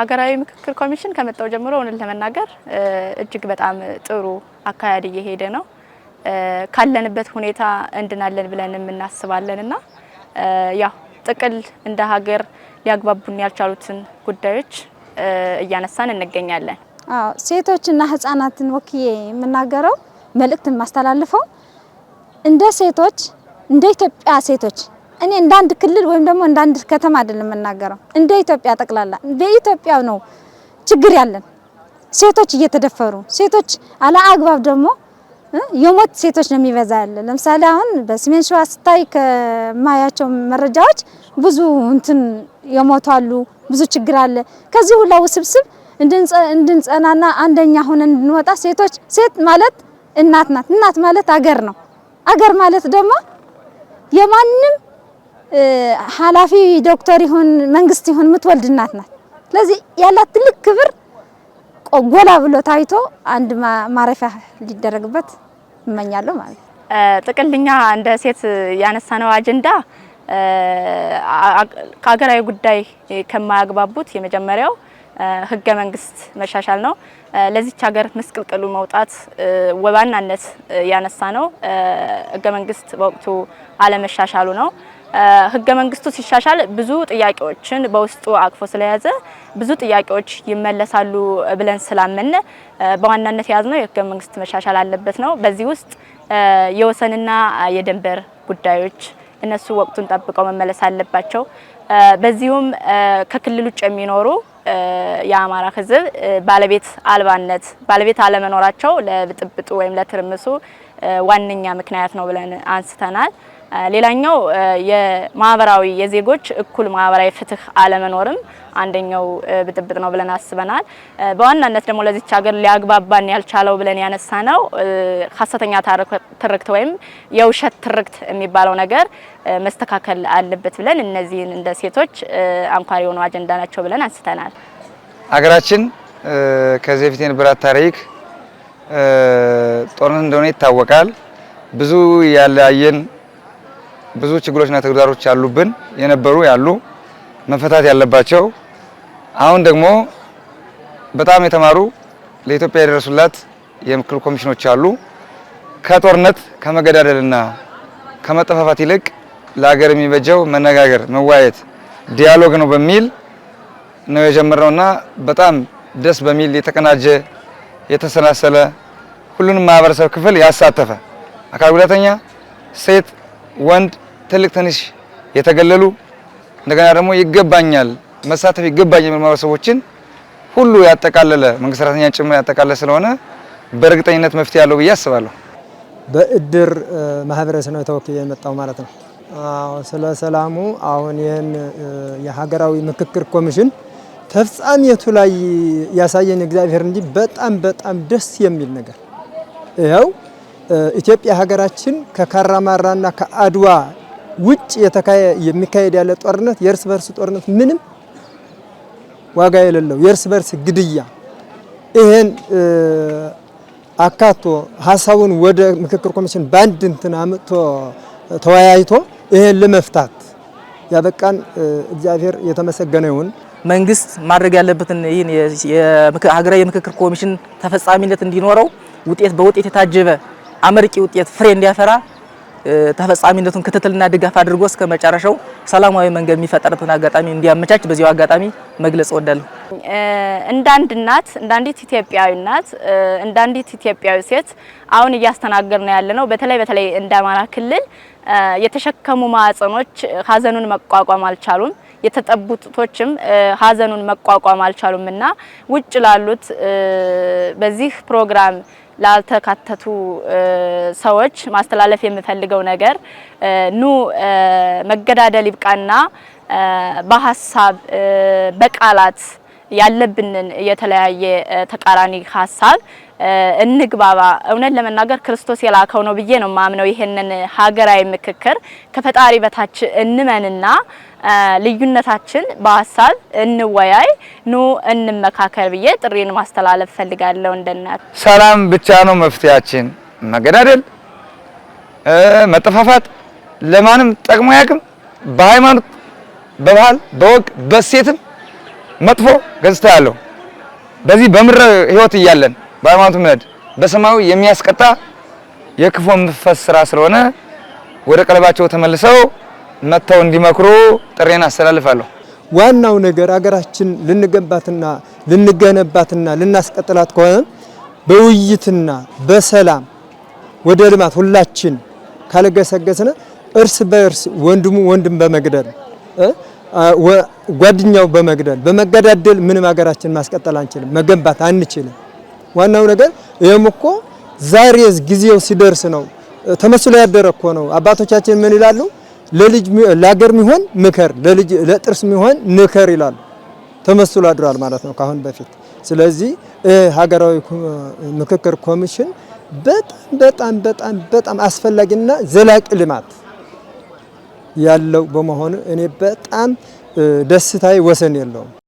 ሀገራዊ ምክክር ኮሚሽን ከመጣው ጀምሮ እውነት ለመናገር እጅግ በጣም ጥሩ አካሄድ እየሄደ ነው። ካለንበት ሁኔታ እንድናለን ብለን እናስባለን እና ያው ጥቅል እንደ ሀገር ሊያግባቡን ያልቻሉትን ጉዳዮች እያነሳን እንገኛለን። ሴቶችና ህጻናትን ወክዬ የምናገረው መልእክት የማስተላልፈው እንደ ሴቶች እንደ ኢትዮጵያ ሴቶች እኔ እንደ አንድ ክልል ወይም ደግሞ እንደ አንድ ከተማ አይደለም የምናገረው፣ እንደ ኢትዮጵያ ጠቅላላ በኢትዮጵያ ነው ችግር ያለን። ሴቶች እየተደፈሩ ሴቶች አለ አግባብ ደግሞ የሞት ሴቶች ነው የሚበዛ ያለ። ለምሳሌ አሁን በሰሜን ሸዋ ስታይ ከማያቸው መረጃዎች ብዙ እንትን አሉ ብዙ ችግር አለ። ከዚህ ሁላ ውስብስብ እንድንጸናና አንደኛ ሆነን እንድንወጣ ሴቶች ሴት ማለት እናት ናት። እናት ማለት አገር ነው። አገር ማለት ደግሞ የማንም ኃላፊ ዶክተር ይሁን መንግስት ይሁን የምትወልድ እናት ናት። ስለዚህ ያላት ትልቅ ክብር ጎላ ብሎ ታይቶ አንድ ማረፊያ ሊደረግበት እመኛለሁ ማለት ነው። ጥቅልኛ እንደ ሴት ያነሳነው አጀንዳ ከሀገራዊ ጉዳይ ከማያግባቡት የመጀመሪያው ህገ መንግስት መሻሻል ነው። ለዚች ሀገር ምስቅልቅሉ መውጣት በዋናነት ያነሳ ነው ህገ መንግስት በወቅቱ አለመሻሻሉ ነው። ህገ መንግስቱ ሲሻሻል ብዙ ጥያቄዎችን በውስጡ አቅፎ ስለያዘ ብዙ ጥያቄዎች ይመለሳሉ ብለን ስላምን በዋናነት የያዝነው የሕገ መንግስት መሻሻል አለበት ነው። በዚህ ውስጥ የወሰንና የድንበር ጉዳዮች እነሱ ወቅቱን ጠብቀው መመለስ አለባቸው። በዚሁም ከክልል ውጭ የሚኖሩ የአማራ ህዝብ ባለቤት አልባነት ባለቤት አለመኖራቸው ለብጥብጡ ወይም ለትርምሱ ዋነኛ ምክንያት ነው ብለን አንስተናል። ሌላኛው የማህበራዊ የዜጎች እኩል ማህበራዊ ፍትህ አለመኖርም አንደኛው ብጥብጥ ነው ብለን አስበናል። በዋናነት ደግሞ ለዚች ሀገር ሊያግባባን ያልቻለው ብለን ያነሳ ነው ሀሰተኛ ትርክት ወይም የውሸት ትርክት የሚባለው ነገር መስተካከል አለበት ብለን እነዚህን እንደ ሴቶች አንኳር የሆኑ አጀንዳ ናቸው ብለን አንስተናል። ሀገራችን ከዚህ በፊት የነበራት ታሪክ ጦርነት እንደሆነ ይታወቃል። ብዙ ያለያየን ብዙ ችግሮችና ተግዳሮች ያሉብን የነበሩ ያሉ መፈታት ያለባቸው አሁን ደግሞ በጣም የተማሩ ለኢትዮጵያ የደረሱላት የምክክር ኮሚሽኖች አሉ። ከጦርነት ከመገዳደልና ከመጠፋፋት ይልቅ ለሀገር የሚበጀው መነጋገር፣ መዋየት፣ ዲያሎግ ነው በሚል ነው የጀመርነውና በጣም ደስ በሚል የተቀናጀ የተሰናሰለ ሁሉንም ማህበረሰብ ክፍል ያሳተፈ አካል ጉዳተኛ፣ ሴት፣ ወንድ ትልቅ ትንሽ የተገለሉ እንደገና ደግሞ ይገባኛል መሳተፍ ይገባኛል ማህበረሰቦችን ሁሉ ያጠቃለለ መንግስት ሰራተኛ ጭምር ያጠቃለለ ስለሆነ በእርግጠኝነት መፍትሄ ያለው ብዬ አስባለሁ። በእድር ማህበረሰብ ነው ተወክዬ የመጣው ማለት ነው። ስለ ሰላሙ አሁን ይህን የሀገራዊ ምክክር ኮሚሽን ተፍጻሜቱ ላይ ያሳየን እግዚአብሔር እንጂ በጣም በጣም ደስ የሚል ነገር ይኸው ኢትዮጵያ ሀገራችን ከካራማራና ከአድዋ ውጭ የሚካሄድ ያለ ጦርነት የእርስ በርስ ጦርነት ምንም ዋጋ የሌለው የእርስ በርስ ግድያ ይሄን አካቶ ሀሳቡን ወደ ምክክር ኮሚሽን በአንድ እንትን አምጥቶ ተወያይቶ ይሄን ለመፍታት ያበቃን እግዚአብሔር የተመሰገነ ይሁን። መንግስት ማድረግ ያለበትን ይህን የሀገራዊ የምክክር ኮሚሽን ተፈጻሚነት እንዲኖረው ውጤት በውጤት የታጀበ አመርቂ ውጤት ፍሬ እንዲያፈራ ተፈጻሚነቱን ክትትልና ድጋፍ አድርጎ እስከ መጨረሻው ሰላማዊ መንገድ የሚፈጠርበትን አጋጣሚ እንዲያመቻች በዚሁ አጋጣሚ መግለጽ ወዳለሁ እንዳንድ እናት እንዳንዲት ኢትዮጵያዊ እናት እንዳንዲት ኢትዮጵያዊ ሴት አሁን እያስተናገድ ነው ያለነው በተለይ በተለይ እንደ አማራ ክልል የተሸከሙ ማህጸኖች ሀዘኑን መቋቋም አልቻሉም። የተጠቡ ጡቶችም ሀዘኑን መቋቋም አልቻሉም እና ውጭ ላሉት በዚህ ፕሮግራም ላልተካተቱ ሰዎች ማስተላለፍ የምፈልገው ነገር ኑ መገዳደል ይብቃና በሀሳብ በቃላት ያለብንን የተለያየ ተቃራኒ ሀሳብ እንግባባ። እውነት ለመናገር ክርስቶስ የላከው ነው ብዬ ነው ማምነው። ይሄንን ሀገራዊ ምክክር ከፈጣሪ በታች እንመንና ልዩነታችን በሀሳብ እንወያይ፣ ኑ እንመካከል ብዬ ጥሪን ማስተላለፍ ፈልጋለሁ። እንደናት ሰላም ብቻ ነው መፍትሄያችን። መገዳደል፣ መጠፋፋት ለማንም ጠቅሞ ያቅም በሃይማኖት፣ በባህል፣ በወግ፣ በሴትም መጥፎ ገጽታ ያለው በዚህ በምድረ ህይወት እያለን በሃይማኖት ምነድ በሰማዩ የሚያስቀጣ የክፉ መንፈስ ስራ ስለሆነ ወደ ቀለባቸው ተመልሰው መጥተው እንዲመክሩ ጥሬን አስተላልፋለሁ። ዋናው ነገር አገራችን ልንገንባትና ልንገነባትና ልናስቀጥላት ከሆነ በውይይትና በሰላም ወደ ልማት ሁላችን ካልገሰገስን እርስ በእርስ ወንድሙ ወንድም በመግደል ጓደኛው በመግደል በመገዳደል ምንም ሀገራችን ማስቀጠል አንችልም፣ መገንባት አንችልም። ዋናው ነገር ይህም እኮ ዛሬ ጊዜው ሲደርስ ነው ተመስሎ ያደረ እኮ ነው። አባቶቻችን ምን ይላሉ? ለልጅ ለሀገር ሚሆን ምከር ለልጅ ለጥርስ ሚሆን ንከር ይላሉ። ተመስሎ አድሯል ማለት ነው ካሁን በፊት። ስለዚህ ሀገራዊ ምክክር ኮሚሽን በጣም በጣም በጣም በጣም አስፈላጊና ዘላቂ ልማት ያለው በመሆኑ እኔ በጣም ደስታዬ ወሰን የለውም።